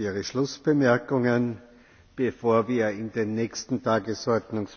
für ihre schlussbemerkungen bevor wir in den nächsten tagesordnungspunkt